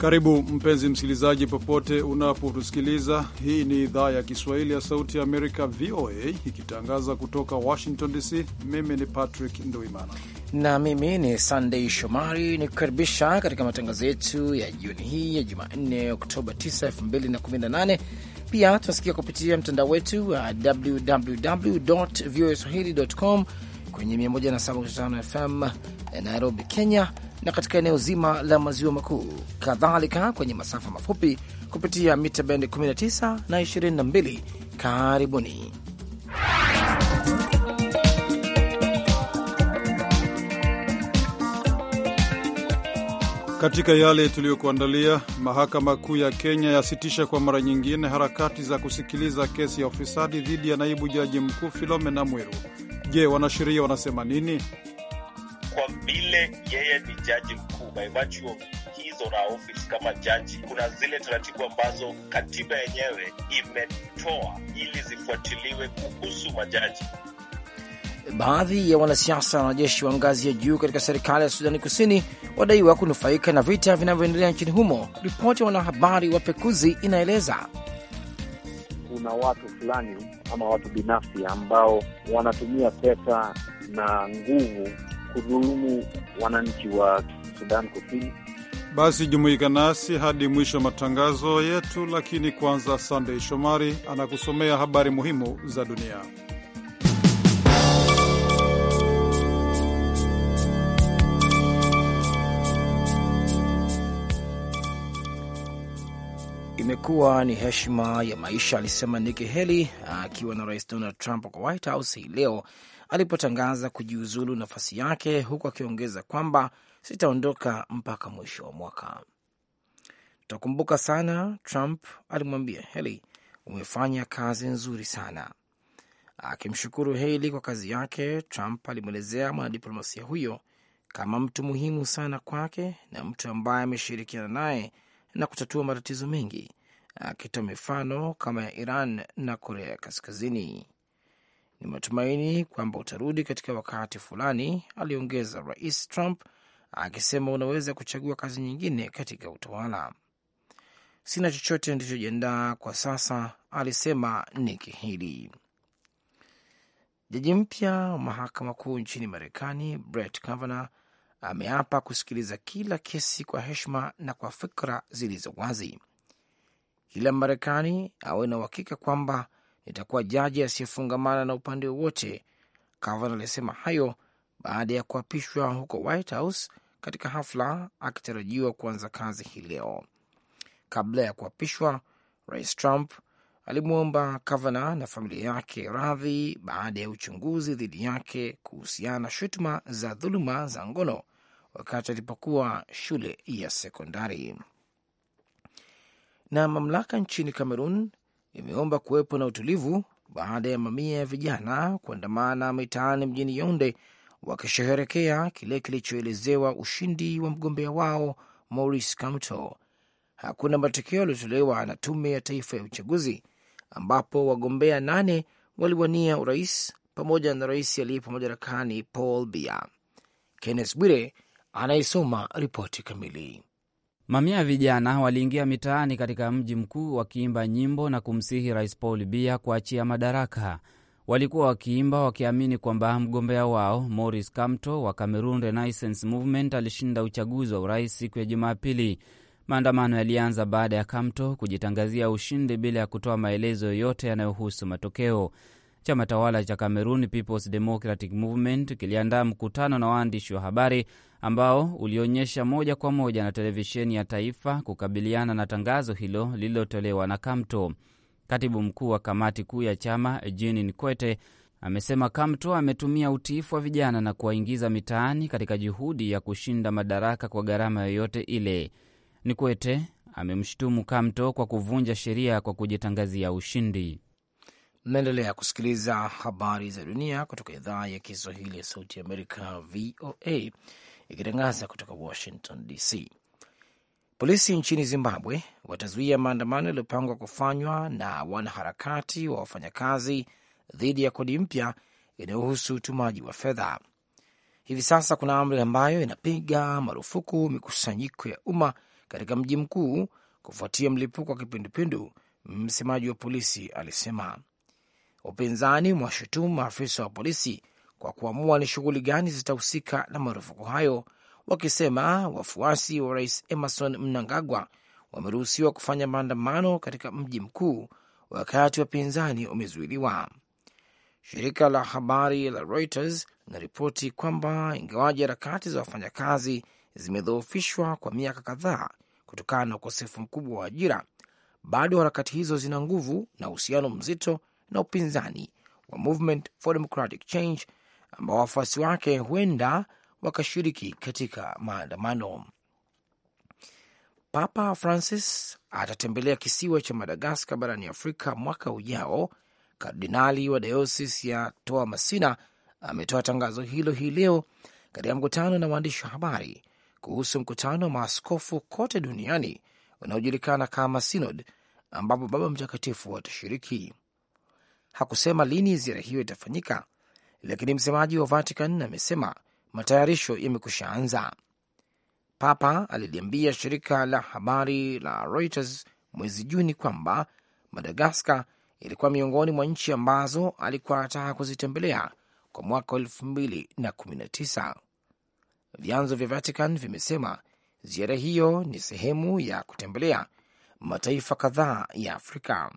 Karibu mpenzi msikilizaji, popote unapotusikiliza. Hii ni idhaa ya Kiswahili ya Sauti ya Amerika, VOA, ikitangaza kutoka Washington DC. Mimi ni Patrick Nduimana na mimi ni Sandei Shomari, ni kukaribisha katika matangazo yetu ya jioni hii ya Jumanne, Oktoba 9, 2018. Pia tunasikia kupitia mtandao wetu wa www voaswahili com kwenye 107.5 FM Nairobi, Kenya, na katika eneo zima la maziwa makuu, kadhalika kwenye masafa mafupi kupitia mita bendi 19 na 22. Karibuni. Katika yale tuliyokuandalia, mahakama kuu ya Kenya yasitisha kwa mara nyingine harakati za kusikiliza kesi ya ufisadi dhidi ya naibu jaji mkuu Filomena Mwiru. Je, wanasheria wanasema nini? kwa vile yeye ni jaji mkuu, by virtue of his or her office kama jaji, kuna zile taratibu ambazo katiba yenyewe imetoa ili zifuatiliwe kuhusu majaji. Baadhi ya wanasiasa na wanajeshi wa ngazi ya juu katika serikali ya Sudani Kusini wadaiwa kunufaika na vita vinavyoendelea nchini humo. Ripoti ya wanahabari wa Pekuzi inaeleza kuna watu fulani ama watu binafsi ambao wanatumia pesa na nguvu kudhulumu wananchi wa Sudan Kusini. Basi jumuika nasi hadi mwisho wa matangazo yetu, lakini kwanza, Sandey Shomari anakusomea habari muhimu za dunia. Imekuwa ni heshima ya maisha, alisema Nikki Haley akiwa na Rais Donald Trump kwa White House hii leo alipotangaza kujiuzulu nafasi yake, huku akiongeza kwamba sitaondoka mpaka mwisho wa mwaka. Tutakumbuka sana, Trump alimwambia Haley, umefanya kazi nzuri sana. Akimshukuru Haley kwa kazi yake, Trump alimwelezea mwanadiplomasia huyo kama mtu muhimu sana kwake na mtu ambaye ameshirikiana naye na kutatua matatizo mengi, akitoa mifano kama ya Iran na Korea ya Kaskazini. Ni matumaini kwamba utarudi katika wakati fulani, aliongeza Rais Trump akisema, unaweza kuchagua kazi nyingine katika utawala. Sina chochote ndichojiandaa kwa sasa, alisema Nikki Haley. Jaji mpya wa mahakama kuu nchini Marekani Brett Kavanaugh ameapa kusikiliza kila kesi kwa heshima na kwa fikra zilizo wazi. Kila Marekani awe na uhakika kwamba nitakuwa jaji asiyefungamana na upande wowote. Kavanaugh alisema hayo baada ya kuapishwa huko White House katika hafla akitarajiwa kuanza kazi hii leo. Kabla ya kuapishwa, Rais Trump alimwomba Kavanaugh na familia yake radhi baada ya uchunguzi dhidi yake kuhusiana na shutuma za dhuluma za ngono wakati alipokuwa shule ya sekondari. Na mamlaka nchini Kamerun imeomba kuwepo na utulivu baada ya mamia ya vijana kuandamana mitaani mjini yaunde wakisherehekea kile kilichoelezewa ushindi wa mgombea wao Maurice Kamto. Hakuna matokeo yaliyotolewa na tume ya taifa ya uchaguzi, ambapo wagombea nane waliwania urais pamoja na rais aliyepo madarakani Paul Biya. Kenneth Bwire anayesoma ripoti kamili. Mamia ya vijana waliingia mitaani katika mji mkuu wakiimba nyimbo na kumsihi Rais Paul Biya kuachia madaraka. Walikuwa wakiimba wakiamini kwamba mgombea wao moris Kamto wa Cameroon Renaissance Movement alishinda uchaguzi wa urais siku ya Jumapili. Maandamano yalianza baada ya Kamto kujitangazia ushindi bila ya kutoa maelezo yoyote yanayohusu matokeo. Chama tawala cha Cameroon People's Democratic Movement kiliandaa mkutano na waandishi wa habari ambao ulionyesha moja kwa moja na televisheni ya taifa kukabiliana na tangazo hilo lililotolewa na Kamto. Katibu mkuu wa kamati kuu ya chama Eugene Nkwete amesema Kamto ametumia utiifu wa vijana na kuwaingiza mitaani katika juhudi ya kushinda madaraka kwa gharama yoyote ile. Nkwete amemshutumu Kamto kwa kuvunja sheria kwa kujitangazia ushindi. Mnaendelea kusikiliza habari za dunia kutoka idhaa ya Kiswahili ya Sauti ya Amerika, VOA, ikitangaza kutoka Washington DC. Polisi nchini Zimbabwe watazuia maandamano yaliyopangwa kufanywa na wanaharakati wa wafanyakazi dhidi ya kodi mpya inayohusu utumaji wa fedha. Hivi sasa kuna amri ambayo inapiga marufuku mikusanyiko ya umma katika mji mkuu kufuatia mlipuko wa kipindupindu, msemaji wa polisi alisema. Upinzani mwashutumu maafisa wa polisi kwa kuamua ni shughuli gani zitahusika na marufuku hayo, wakisema wafuasi wa rais Emerson Mnangagwa wameruhusiwa kufanya maandamano katika mji mkuu wakati wapinzani umezuiliwa. Shirika la habari la Reuters linaripoti kwamba ingawaji harakati za wafanyakazi zimedhoofishwa kwa miaka kadhaa kutokana na ukosefu mkubwa wa ajira, bado harakati hizo zina nguvu na uhusiano mzito na upinzani wa Movement for Democratic Change ambao wafuasi wake huenda wakashiriki katika maandamano. Papa Francis atatembelea kisiwa cha Madagaskar barani Afrika mwaka ujao. Kardinali wa dayosis ya toa masina ametoa tangazo hilo hii leo katika mkutano na waandishi wa habari kuhusu mkutano wa maaskofu kote duniani unaojulikana kama Sinod, ambapo Baba Mtakatifu watashiriki hakusema lini ziara hiyo itafanyika, lakini msemaji wa Vatican amesema matayarisho yamekusha anza. Papa aliliambia shirika la habari la Reuters mwezi Juni kwamba Madagaskar ilikuwa miongoni mwa nchi ambazo alikuwa anataka kuzitembelea kwa mwaka wa elfu mbili na kumi na tisa. Vyanzo vya Vatican vimesema ziara hiyo ni sehemu ya kutembelea mataifa kadhaa ya Afrika.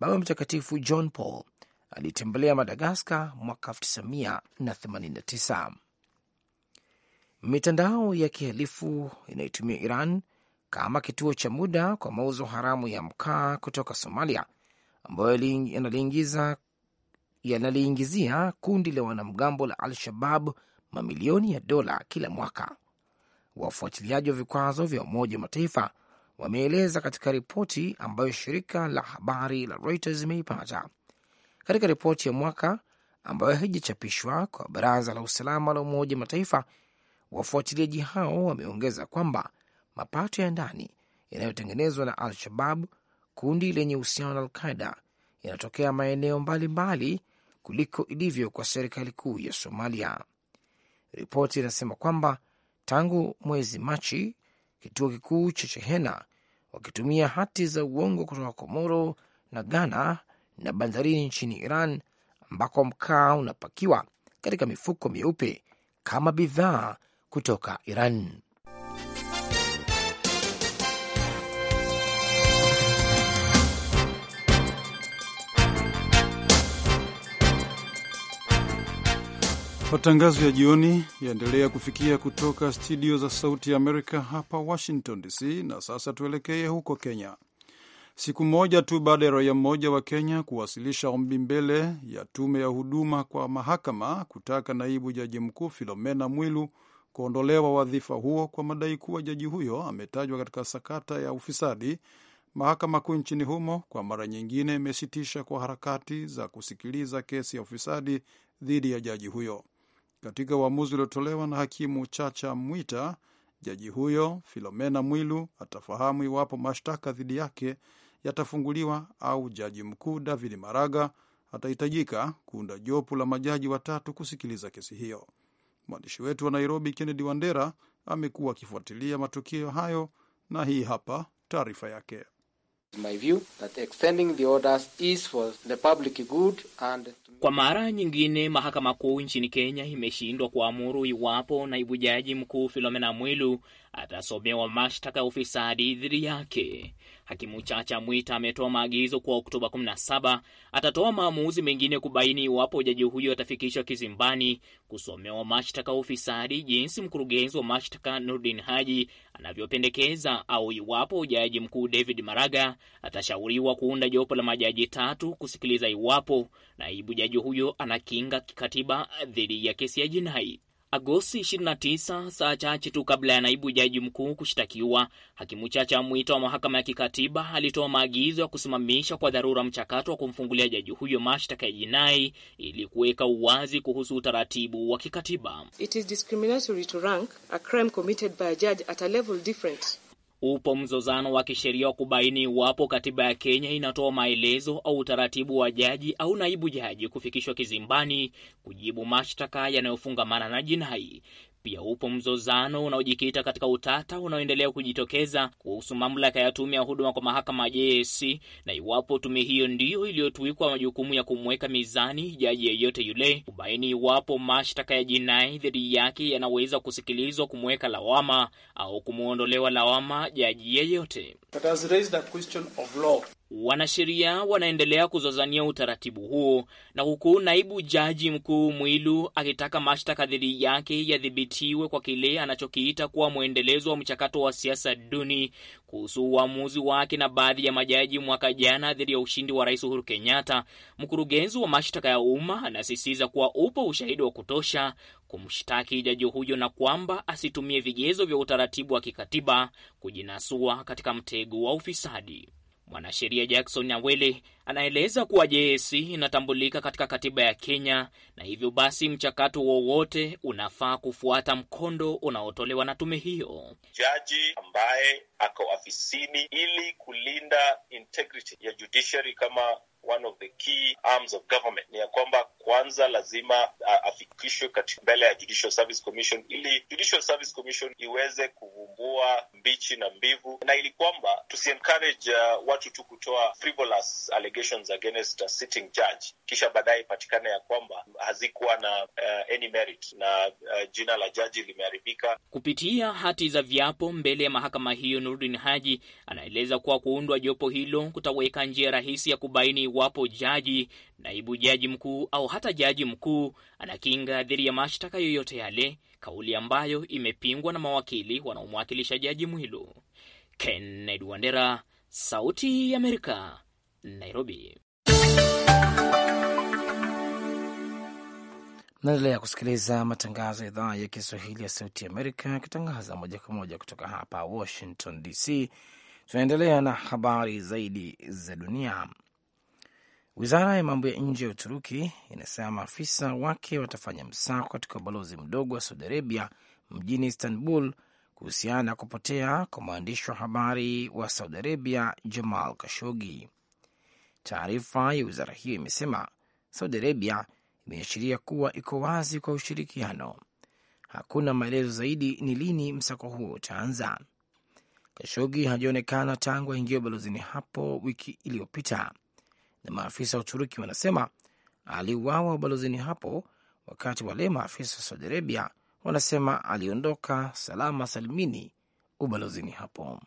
Baba Mtakatifu John Paul alitembelea Madagaskar mwaka 1989. Mitandao ya kihalifu inayotumia Iran kama kituo cha muda kwa mauzo haramu ya mkaa kutoka Somalia, ambayo yanaliingizia kundi la wanamgambo la Al-Shabab mamilioni ya dola kila mwaka. Wafuatiliaji wa vikwazo vya Umoja wa Mataifa wameeleza katika ripoti ambayo shirika la habari la Reuters imeipata. Katika ripoti ya mwaka ambayo haijachapishwa kwa Baraza la Usalama la Umoja Mataifa, wafuatiliaji hao wameongeza kwamba mapato ya ndani yanayotengenezwa na Al-Shabab, kundi lenye uhusiano na alqaida yanatokea maeneo mbalimbali mbali kuliko ilivyo kwa serikali kuu ya Somalia. Ripoti inasema kwamba tangu mwezi Machi kituo kikuu cha shehena wakitumia hati za uongo kutoka Komoro na Ghana na bandarini nchini Iran ambako mkaa unapakiwa katika mifuko meupe kama bidhaa kutoka Iran. Matangazo ya jioni yaendelea kufikia kutoka studio za Sauti ya Amerika hapa Washington DC. Na sasa tuelekee huko Kenya. Siku moja tu baada ya raia mmoja wa Kenya kuwasilisha ombi mbele ya tume ya huduma kwa mahakama kutaka naibu jaji mkuu Filomena Mwilu kuondolewa wadhifa huo kwa madai kuwa jaji huyo ametajwa katika sakata ya ufisadi, mahakama kuu nchini humo kwa mara nyingine imesitisha kwa harakati za kusikiliza kesi ya ufisadi dhidi ya jaji huyo. Katika uamuzi uliotolewa na hakimu Chacha Mwita, jaji huyo Filomena Mwilu atafahamu iwapo mashtaka dhidi yake yatafunguliwa au jaji mkuu David Maraga atahitajika kuunda jopo la majaji watatu kusikiliza kesi hiyo. Mwandishi wetu wa Nairobi, Kennedy Wandera, amekuwa akifuatilia matukio hayo na hii hapa taarifa yake. Kwa mara nyingine mahakama kuu nchini Kenya imeshindwa kuamuru iwapo naibu jaji mkuu Philomena Mwilu atasomewa mashtaka ya ufisadi dhidi yake. Hakimu Chacha Mwita ametoa maagizo kuwa Oktoba 17 atatoa maamuzi mengine kubaini iwapo jaji huyo atafikishwa kizimbani kusomewa mashtaka ya ufisadi, jinsi mkurugenzi wa mashtaka Nurdin Haji anavyopendekeza, au iwapo jaji mkuu David Maraga atashauriwa kuunda jopo la majaji tatu kusikiliza iwapo naibu jaji huyo anakinga kikatiba dhidi ya kesi ya jinai. Agosti 29, saa chache tu kabla ya naibu jaji mkuu kushtakiwa, hakimu Chacha Mwita wa mahakama ya kikatiba alitoa maagizo ya kusimamisha kwa dharura mchakato wa kumfungulia jaji huyo mashtaka ya jinai ili kuweka uwazi kuhusu utaratibu wa kikatiba. It is discriminatory to rank a crime committed by a judge at a level different upo mzozano wa kisheria wa kubaini iwapo katiba ya Kenya inatoa maelezo au utaratibu wa jaji au naibu jaji kufikishwa kizimbani kujibu mashtaka yanayofungamana na jinai pia upo mzozano unaojikita katika utata unaoendelea kujitokeza kuhusu mamlaka ya tume ya huduma kwa mahakama JSC na iwapo tume hiyo ndiyo iliyotuikwa majukumu ya kumweka mizani jaji yeyote yule, kubaini iwapo mashtaka ya jinai dhidi yake yanaweza kusikilizwa, kumweka lawama au kumwondolewa lawama jaji yeyote. Wanasheria wanaendelea kuzozania utaratibu huo na huku naibu jaji mkuu Mwilu akitaka mashtaka dhidi yake yadhibitiwe kwa kile anachokiita kuwa mwendelezo wa mchakato wa siasa duni kuhusu uamuzi wake na baadhi ya majaji mwaka jana dhidi ya ushindi wa Rais Uhuru Kenyatta. Mkurugenzi wa mashtaka ya umma anasisitiza kuwa upo ushahidi wa kutosha kumshtaki jaji huyo na kwamba asitumie vigezo vya utaratibu wa kikatiba kujinasua katika mtego wa ufisadi. Mwanasheria Jackson Awele anaeleza kuwa JSC inatambulika katika katiba ya Kenya na hivyo basi mchakato wowote unafaa kufuata mkondo unaotolewa na tume hiyo. Jaji ambaye ako afisini ili kulinda integrity ya judiciary kama one of the key arms of government ni ya kwamba kwanza lazima afikishwe mbele ya Judicial Service Commission ili Judicial Service Commission iweze kuchambua mbichi na mbivu, na ili kwamba tusi encourage uh, watu tu kutoa frivolous allegations against a sitting judge, kisha baadaye ipatikane ya kwamba hazikuwa na uh, any merit na uh, jina la jaji limeharibika. Kupitia hati za viapo mbele ya mahakama hiyo, Nurdin Haji anaeleza kuwa kuundwa jopo hilo kutaweka njia rahisi ya kubaini iwapo jaji, naibu jaji mkuu au hata jaji mkuu ana kinga dhidi ya mashtaka yoyote yale kauli ambayo imepingwa na mawakili wanaomwakilisha Jaji Mwilu. Kennedy Wandera, Sauti ya Amerika, Nairobi. Naendelea kusikiliza matangazo ya idhaa ya Kiswahili ya Sauti ya Amerika yakitangaza moja kwa moja kutoka hapa Washington DC. Tunaendelea na habari zaidi za dunia. Wizara ya mambo ya nje ya Uturuki inasema maafisa wake watafanya msako katika ubalozi mdogo wa Saudi Arabia mjini Istanbul kuhusiana na kupotea kwa mwandishi wa habari wa Saudi Arabia Jamal Kashogi. Taarifa ya wizara hiyo imesema Saudi Arabia imeashiria kuwa iko wazi kwa ushirikiano. Hakuna maelezo zaidi ni lini msako huo utaanza. Kashogi hajaonekana tangu aingia ubalozini hapo wiki iliyopita na maafisa wa Uturuki wanasema aliuawa ubalozini hapo, wakati wale maafisa wa Saudi Arabia wanasema aliondoka salama salimini ubalozini hapo.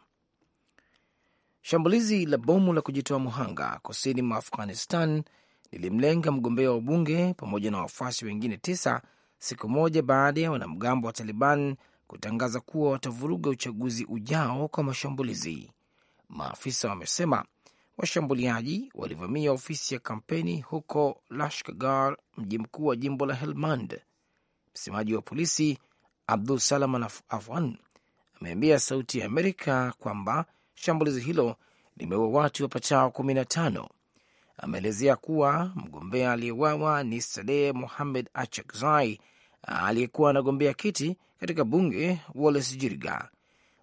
Shambulizi la bomu la kujitoa muhanga kusini mwa Afghanistan lilimlenga mgombea wa ubunge pamoja na wafuasi wengine tisa siku moja baada ya wanamgambo wa Taliban kutangaza kuwa watavuruga uchaguzi ujao kwa mashambulizi. Maafisa wamesema washambuliaji walivamia ofisi ya kampeni huko Lashkagar, mji mkuu wa jimbo la Helmand. Msemaji wa polisi Abdul Salam Afwan ameambia Sauti ya Amerika kwamba shambulizi hilo limeua watu wapatao kumi na tano. Ameelezea kuwa mgombea aliyewawa ni Saleh muhamed Achakzai aliyekuwa anagombea kiti katika bunge wales Jirga.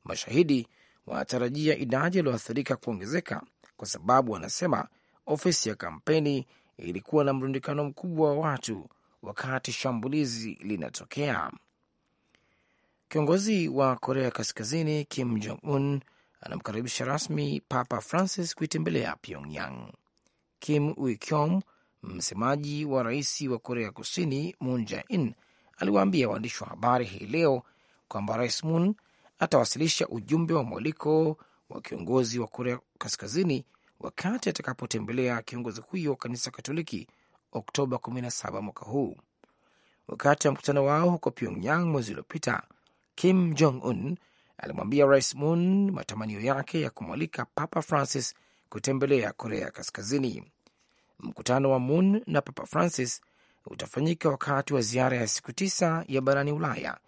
Mashahidi wanatarajia idadi yaliyoathirika kuongezeka kwa sababu wanasema ofisi ya kampeni ilikuwa na mrundikano mkubwa wa watu wakati shambulizi linatokea. Kiongozi wa Korea Kaskazini Kim Jong Un anamkaribisha rasmi Papa Francis kuitembelea Pyongyang. Kim Uikyom, msemaji wa rais wa Korea Kusini Moon Jae-in, aliwaambia waandishi wa habari hii leo kwamba Rais Moon atawasilisha ujumbe wa mwaliko wa kiongozi wa Korea Kaskazini wakati atakapotembelea kiongozi huyo wa kanisa Katoliki Oktoba 17 mwaka huu. Wakati wa mkutano wao huko Pyongyang mwezi uliopita, Kim Jong Un alimwambia Rais Moon matamanio yake ya kumwalika Papa Francis kutembelea Korea Kaskazini. Mkutano wa Moon na Papa Francis utafanyika wakati wa ziara ya siku tisa ya barani Ulaya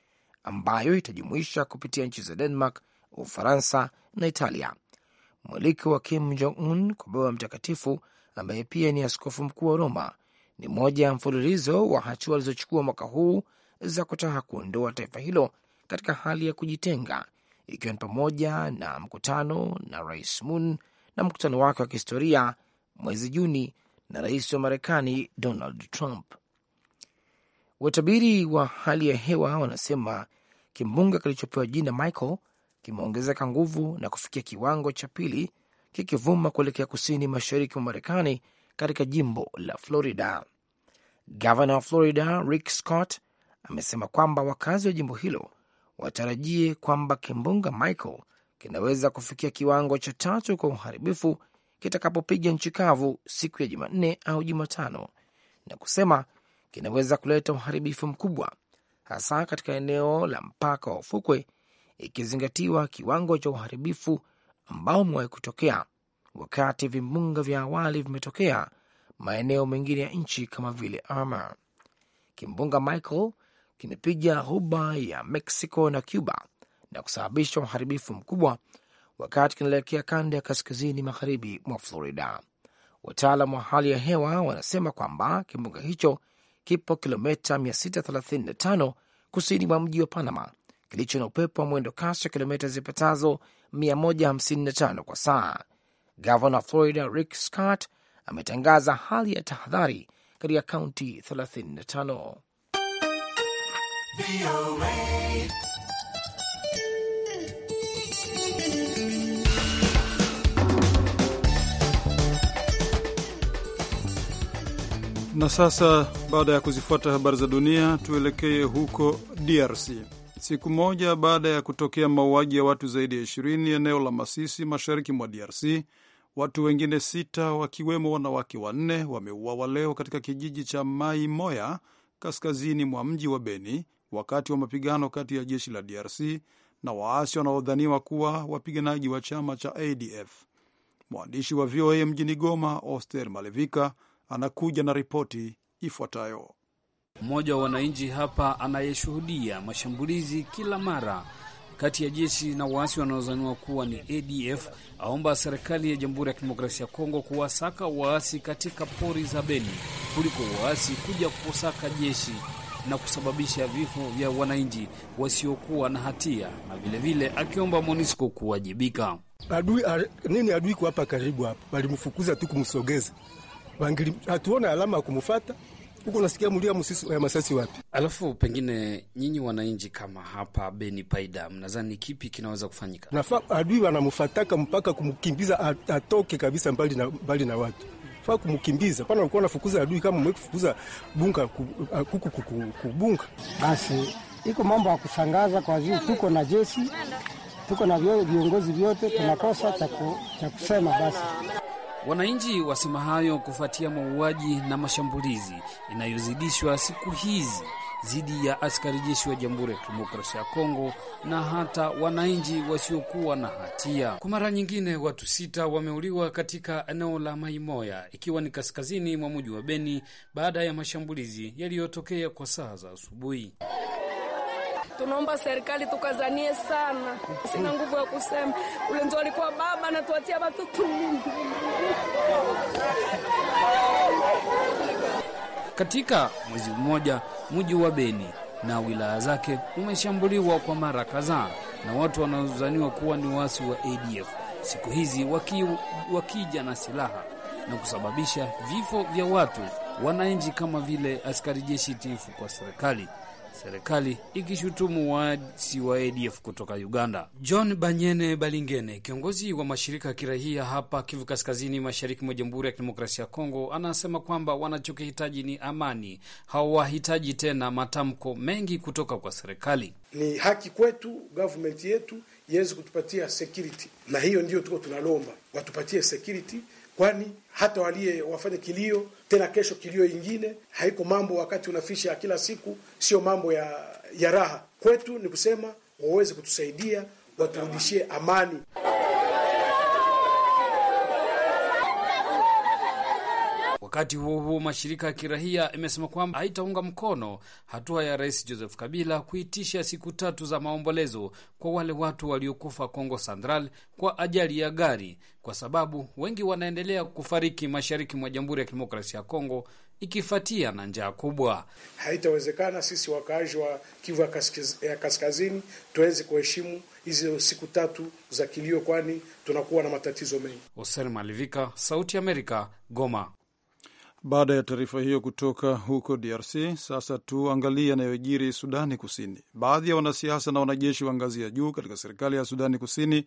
ambayo itajumuisha kupitia nchi za Denmark, Ufaransa na Italia. Mwaliko wa Kim Jong Un kwa Baba Mtakatifu, ambaye pia ni askofu mkuu wa Roma, ni moja ya mfululizo wa hatua alizochukua mwaka huu za kutaka kuondoa taifa hilo katika hali ya kujitenga, ikiwa ni pamoja na mkutano na Rais Moon na mkutano wake wa kihistoria mwezi Juni na rais wa Marekani Donald Trump. Watabiri wa hali ya hewa wanasema kimbunga kilichopewa jina Michael kimeongezeka nguvu na kufikia kiwango cha pili kikivuma kuelekea kusini mashariki mwa Marekani katika jimbo la Florida. Gavana wa Florida Rick Scott amesema kwamba wakazi wa jimbo hilo watarajie kwamba kimbunga Michael kinaweza kufikia kiwango cha tatu kwa uharibifu kitakapopiga nchi kavu siku ya Jumanne au Jumatano, na kusema kinaweza kuleta uharibifu mkubwa hasa katika eneo la mpaka wa ufukwe ikizingatiwa kiwango cha uharibifu ambao umewahi kutokea wakati vimbunga vya awali vimetokea maeneo mengine ya nchi kama vile Irma. Kimbunga Michael kimepiga ghuba ya Mexico na Cuba na kusababisha uharibifu mkubwa wakati kinaelekea kanda ya kaskazini magharibi mwa Florida. Wataalam wa hali ya hewa wanasema kwamba kimbunga hicho kipo kilomita 635 kusini mwa mji wa Panama kilicho na upepo wa mwendo kasi wa kilomita zipatazo 155 kwa saa. Gavana Florida Rick Scott ametangaza hali ya tahadhari katika kaunti 35. Na sasa baada ya kuzifuata habari za dunia, tuelekee huko DRC siku moja baada ya kutokea mauaji ya watu zaidi ya ishirini eneo la Masisi, mashariki mwa DRC. Watu wengine sita wakiwemo wanawake wanne wameuawa leo katika kijiji cha Mai Moya, kaskazini mwa mji wa Beni, wakati wa mapigano kati ya jeshi la DRC na waasi wanaodhaniwa kuwa wapiganaji wa chama cha ADF. Mwandishi wa VOA mjini Goma, Oster Malevika, anakuja na ripoti ifuatayo. Mmoja wa wananchi hapa anayeshuhudia mashambulizi kila mara kati ya jeshi na waasi wanaozaniwa kuwa ni ADF aomba serikali ya Jamhuri ya Kidemokrasia ya Kongo kuwasaka waasi katika pori za Beni kuliko waasi kuja kusaka jeshi na kusababisha vifo vya wananchi wasiokuwa na hatia, na vilevile akiomba MONUSCO kuwajibika. Adui nini? Adui kwa hapa karibu hapa, walimfukuza tu kumsogeza, hatuona alama ya kumfata huko unasikia mlio wa masasi wapi? Alafu pengine nyinyi wananchi kama hapa Beni Paida, mnadhani kipi kinaweza kufanyika? Nafaa adui wanamfataka mpaka kumkimbiza atoke kabisa mbali na, mbali na watu faa kumkimbiza pana, alikuwa nafukuza adui kama mweki fukuza bunga kuku kubunga. Basi iko mambo ya kushangaza kwa juu, tuko na jeshi tuko na viongozi vyote, tunakosa cha kusema basi Wananchi wasema hayo kufuatia mauaji na mashambulizi inayozidishwa siku hizi dhidi ya askari jeshi wa Jamhuri ya Kidemokrasia ya Kongo na hata wananchi wasiokuwa na hatia. Kwa mara nyingine, watu sita wameuliwa katika eneo la Maimoya, ikiwa ni kaskazini mwa mji wa Beni baada ya mashambulizi yaliyotokea kwa saa za asubuhi. Tunaomba serikali tukazanie sana, sina nguvu ya kusema. Ule ndio alikuwa baba anatuatia watoto katika mwezi mmoja. Mji wa Beni na wilaya zake umeshambuliwa kwa mara kadhaa na watu wanaozaniwa kuwa ni waasi wa ADF, siku hizi waki, wakija na silaha na kusababisha vifo vya watu wananchi kama vile askari jeshi tifu kwa serikali serikali ikishutumu waasi wa ADF kutoka Uganda. John Banyene Balingene, kiongozi wa mashirika ya kirahia hapa Kivu Kaskazini, mashariki mwa Jamhuri ya Kidemokrasia ya Kongo, anasema kwamba wanachokihitaji ni amani, hawahitaji tena matamko mengi kutoka kwa serikali. Ni haki kwetu gavumenti yetu iweze kutupatia security, na hiyo ndiyo tuko tunalomba, watupatie security kwani hata waliye wafanya kilio tena kesho kilio ingine. Haiko mambo wakati unafisha kila siku, sio mambo ya, ya raha kwetu. Ni kusema waweze kutusaidia waturudishie amani. Wakati huo huo, mashirika ya kirahia imesema kwamba haitaunga mkono hatua ya Rais Joseph Kabila kuitisha siku tatu za maombolezo kwa wale watu waliokufa congo Central kwa ajali ya gari, kwa sababu wengi wanaendelea kufariki mashariki mwa Jamhuri ya Kidemokrasia ya Kongo ikifatia na njaa kubwa. Haitawezekana sisi wakaaji wa Kivu ya Kaskazini tuweze kuheshimu hizo siku tatu za kilio, kwani tunakuwa na matatizo mengi. Malivika, Sauti ya Amerika, Goma. Baada ya taarifa hiyo kutoka huko DRC, sasa tuangalie yanayojiri Sudani Kusini. Baadhi ya wanasiasa na wanajeshi wa ngazi ya juu katika serikali ya Sudani Kusini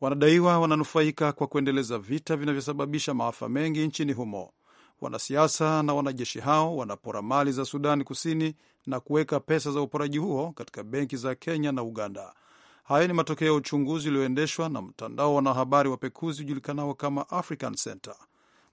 wanadaiwa wananufaika kwa kuendeleza vita vinavyosababisha maafa mengi nchini humo. Wanasiasa na wanajeshi hao wanapora mali za Sudani Kusini na kuweka pesa za uporaji huo katika benki za Kenya na Uganda. Haya ni matokeo ya uchunguzi ulioendeshwa na mtandao wa wanahabari wapekuzi ujulikanao kama African Center.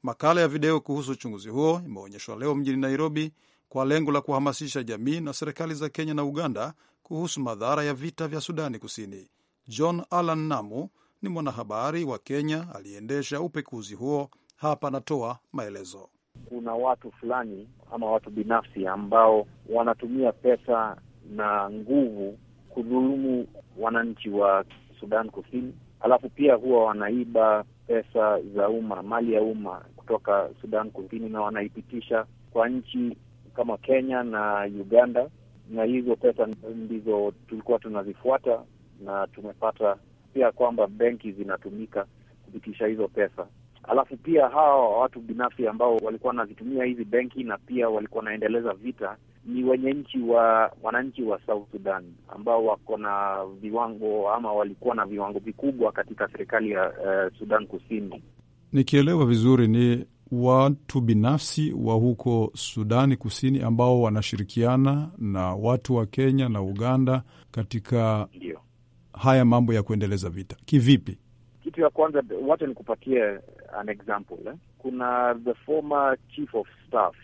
Makala ya video kuhusu uchunguzi huo imeonyeshwa leo mjini Nairobi kwa lengo la kuhamasisha jamii na serikali za Kenya na Uganda kuhusu madhara ya vita vya Sudani Kusini. John Alan Namu ni mwanahabari wa Kenya aliyeendesha upekuzi huo, hapa anatoa maelezo. Kuna watu fulani ama watu binafsi ambao wanatumia pesa na nguvu kudhulumu wananchi wa Sudan Kusini, alafu pia huwa wanaiba pesa za umma, mali ya umma kutoka Sudan Kusini na wanaipitisha kwa nchi kama Kenya na Uganda, na hizo pesa ndizo tulikuwa tunazifuata, na tumepata pia kwamba benki zinatumika kupitisha hizo pesa. Alafu pia hawa watu binafsi ambao walikuwa wanazitumia hizi benki na pia walikuwa wanaendeleza vita ni wenye nchi wa wananchi wa South Sudan ambao wako na viwango ama walikuwa na viwango vikubwa katika serikali ya uh, Sudan Kusini nikielewa vizuri, ni watu binafsi wa huko Sudani Kusini ambao wanashirikiana na watu wa Kenya na Uganda katika Ndiyo. haya mambo ya kuendeleza vita kivipi? Kitu ya kwanza, wacha nikupatie an example eh? Kuna the former chief of staff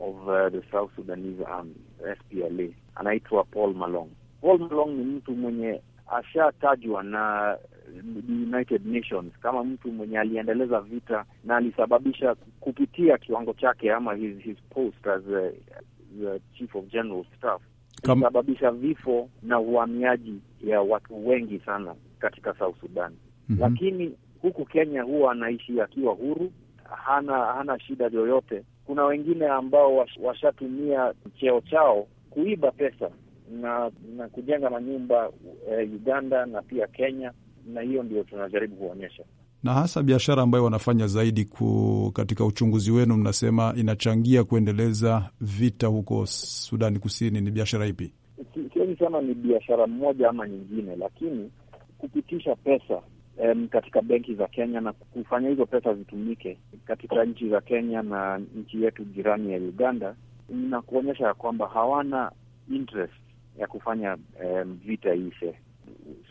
of uh, the South Sudanese Army SPLA anaitwa Paul Malong. Paul Malong ni mtu mwenye ashatajwa na Eh, United Nations kama mtu mwenye aliendeleza vita na alisababisha kupitia kiwango chake ama his, his post as a, eh, the chief of general staff alisababisha vifo na uhamiaji ya watu wengi sana katika South Sudan. mm -hmm. Lakini huku Kenya huwa anaishi akiwa huru, hana hana shida yoyote. Kuna wengine ambao washatumia cheo chao kuiba pesa na na kujenga manyumba eh, Uganda na pia Kenya na hiyo ndio tunajaribu kuonyesha, na hasa biashara ambayo wanafanya zaidi ku. Katika uchunguzi wenu mnasema inachangia kuendeleza vita huko Sudani Kusini, ni biashara ipi? Siwezi sema ni biashara mmoja ama nyingine, lakini kupitisha pesa em, katika benki za Kenya na kufanya hizo pesa zitumike katika nchi za Kenya na nchi yetu jirani ya Uganda na kuonyesha ya kwamba hawana interest ya kufanya em, vita iishe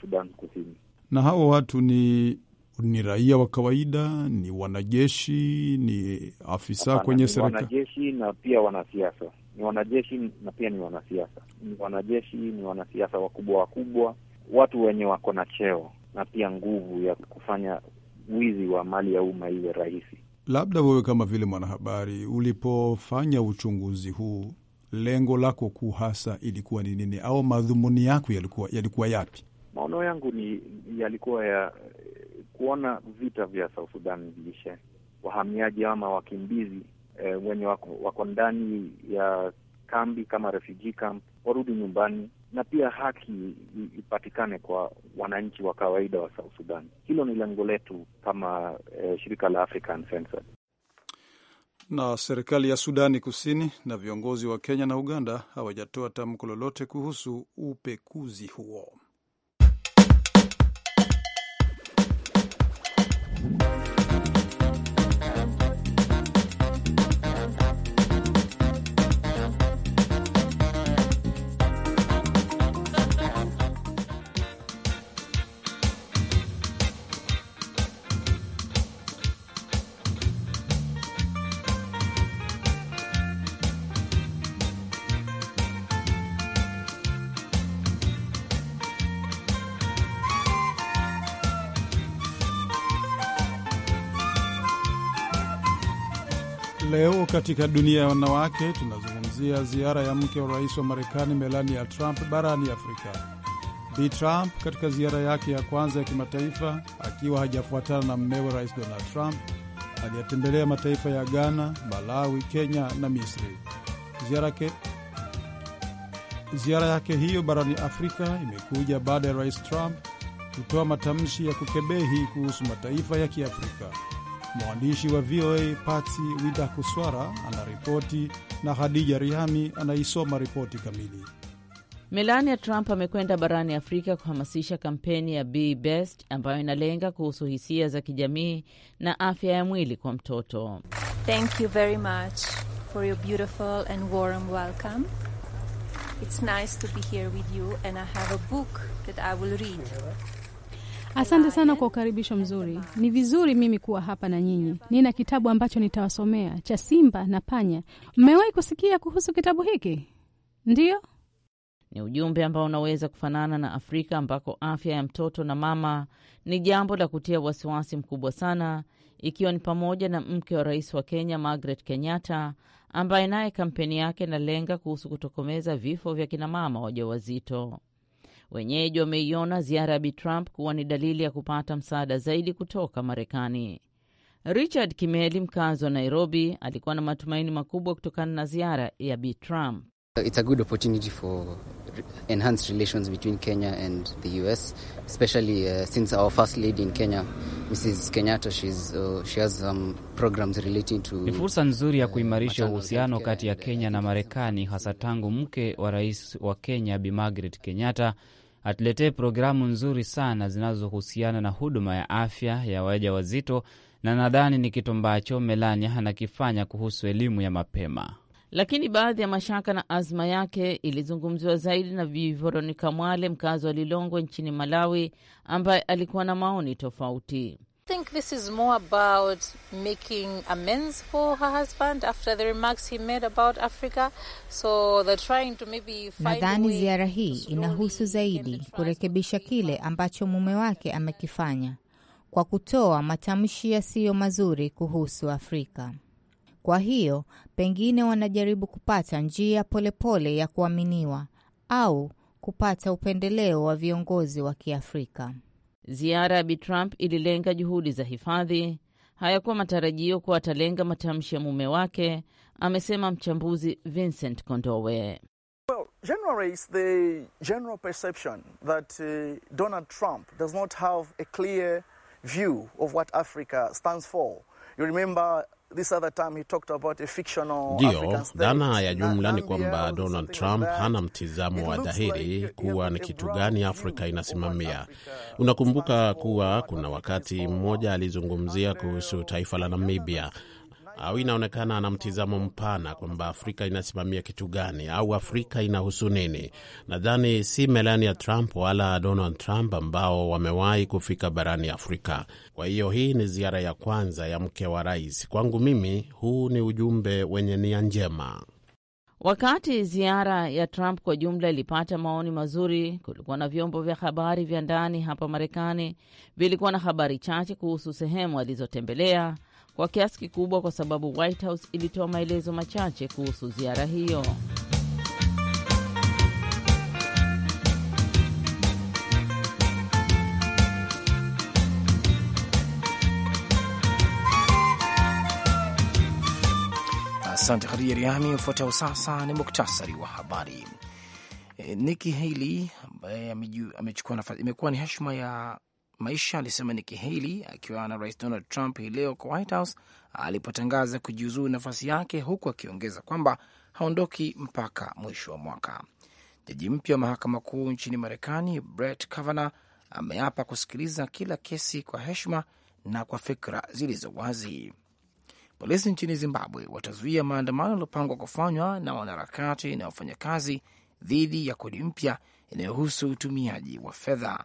Sudan Kusini na hawa watu ni ni raia wa kawaida, ni wanajeshi, ni afisa Apana, kwenye serikali, wanajeshi na pia wanasiasa. Ni wanajeshi na pia ni wanasiasa, ni wanajeshi, ni wanasiasa wakubwa wakubwa, watu wenye wako na cheo na pia nguvu ya kufanya wizi wa mali ya umma iwe rahisi. Labda wewe kama vile mwanahabari, ulipofanya uchunguzi huu, lengo lako kuu hasa ilikuwa ni nini, au madhumuni yako yalikuwa yalikuwa yapi? Maono yangu ni yalikuwa ya kuona vita vya South Sudan viishe, wahamiaji ama wakimbizi e, wenye wako, wako ndani ya kambi kama refugee camp warudi nyumbani, na pia haki ipatikane kwa wananchi wa kawaida wa South Sudan. Hilo ni lengo letu kama e, shirika la African Center. Na serikali ya Sudani Kusini na viongozi wa Kenya na Uganda hawajatoa tamko lolote kuhusu upekuzi huo. Leo katika dunia ya wanawake tunazungumzia ziara ya mke wa rais wa Marekani Melania Trump barani Afrika. Bi Trump katika ziara yake ya kwanza ya kimataifa akiwa hajafuatana na mmewe Rais Donald Trump aliyetembelea mataifa ya Ghana, Malawi, Kenya na Misri. Ziara, ke... ziara yake hiyo barani Afrika imekuja baada ya Rais Trump kutoa matamshi ya kukebehi kuhusu mataifa ya Kiafrika. Mwandishi wa VOA Patsi Winda Kuswara anaripoti na Hadija Rihami anaisoma ripoti kamili. Melania Trump amekwenda barani Afrika kuhamasisha kampeni ya Be Best ambayo inalenga kuhusu hisia za kijamii na afya ya mwili kwa mtoto. Thank you very much for your beautiful and warm welcome. It's nice to be here with you and I have a book that I will read. Asante sana kwa ukaribisho mzuri. Ni vizuri mimi kuwa hapa na nyinyi. Nina kitabu ambacho nitawasomea cha Simba na Panya. Mmewahi kusikia kuhusu kitabu hiki? Ndiyo, ni ujumbe ambao unaweza kufanana na Afrika ambako afya ya mtoto na mama ni jambo la kutia wasiwasi mkubwa sana, ikiwa ni pamoja na mke wa rais wa Kenya Margaret Kenyatta ambaye naye kampeni yake inalenga kuhusu kutokomeza vifo vya kinamama wajawazito. Wenyeji wameiona ziara ya Bi Trump kuwa ni dalili ya kupata msaada zaidi kutoka Marekani. Richard Kimeli, mkazi wa Nairobi, alikuwa na matumaini makubwa kutokana na ziara ya Bi Trump. It's a good opportunity for enhanced relations between Kenya and the US, especially uh, since our first lady in Kenya, Mrs. Kenyatta, she's, uh, she has um, programs relating to... Ni fursa nzuri ya uh, kuimarisha uhusiano kati ya uh, Kenya na Marekani, hasa tangu mke wa rais wa Kenya Bi Margaret Kenyatta atuletee programu nzuri sana zinazohusiana na huduma ya afya ya waja wazito, na nadhani ni kitu ambacho Melania anakifanya kuhusu elimu ya mapema lakini baadhi ya mashaka na azma yake ilizungumziwa zaidi na Bi Veronica Mwale, mkazi wa Lilongwe nchini Malawi, ambaye alikuwa na maoni tofauti. Nadhani ziara hii inahusu zaidi kurekebisha kile ambacho mume wake amekifanya kwa kutoa matamshi yasiyo mazuri kuhusu Afrika. Kwa hiyo pengine wanajaribu kupata njia polepole ya kuaminiwa au kupata upendeleo wa viongozi wa Kiafrika. Ziara ya Bi Trump ililenga juhudi za hifadhi. Hayakuwa matarajio kuwa atalenga matamshi ya mume wake, amesema mchambuzi Vincent Kondowe. Well, generally it's the general perception that uh, Donald Trump does not have a clear view of what Africa stands for. You remember Ndiyo, dhana ya jumla ni kwamba Donald Trump hana mtizamo wa dhahiri kuwa ni kitu gani Afrika inasimamia. Unakumbuka kuwa kuna wakati mmoja alizungumzia kuhusu taifa la Namibia au inaonekana ana mtizamo mpana kwamba Afrika inasimamia kitu gani au Afrika inahusu nini. Nadhani si Melania Trump wala Donald Trump ambao wamewahi kufika barani Afrika. Kwa hiyo hii ni ziara ya kwanza ya mke wa rais. Kwangu mimi, huu ni ujumbe wenye nia njema. Wakati ziara ya Trump kwa jumla ilipata maoni mazuri, kulikuwa na vyombo vya habari vya ndani hapa Marekani vilikuwa na habari chache kuhusu sehemu alizotembelea kwa kiasi kikubwa kwa sababu White House ilitoa maelezo machache kuhusu ziara hiyo. Asante Khadija Riami. Ufuatao sasa ni muktasari wa habari. niki eh, Nikki Haley ambaye amechukua nafasi, imekuwa ni heshima ya maisha alisema Nikki Haley akiwa na Rais Donald Trump hii leo kwa White House alipotangaza kujiuzulu nafasi yake, huku akiongeza kwamba haondoki mpaka mwisho wa mwaka. Jaji mpya wa mahakama kuu nchini Marekani Brett Kavanaugh ameapa kusikiliza kila kesi kwa heshima na kwa fikra zilizo wazi. Polisi nchini Zimbabwe watazuia maandamano yaliyopangwa kufanywa na wanaharakati na wafanyakazi dhidi ya kodi mpya inayohusu utumiaji wa fedha.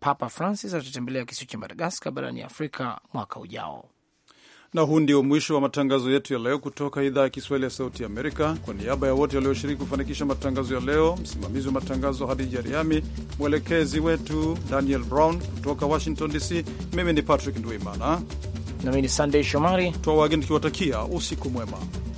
Papa Francis atatembelea kisio cha Madagaskar barani Afrika mwaka ujao. Na huu ndio mwisho wa matangazo yetu ya leo kutoka idhaa ya Kiswahili ya Sauti Amerika. Kwa niaba ya wote walioshiriki kufanikisha matangazo ya leo, msimamizi wa matangazo Hadija Riami, mwelekezi wetu Daniel Brown kutoka Washington DC, mimi ni Patrick Ndwimana nami ni Sandey Shomari, twawageni tukiwatakia usiku mwema.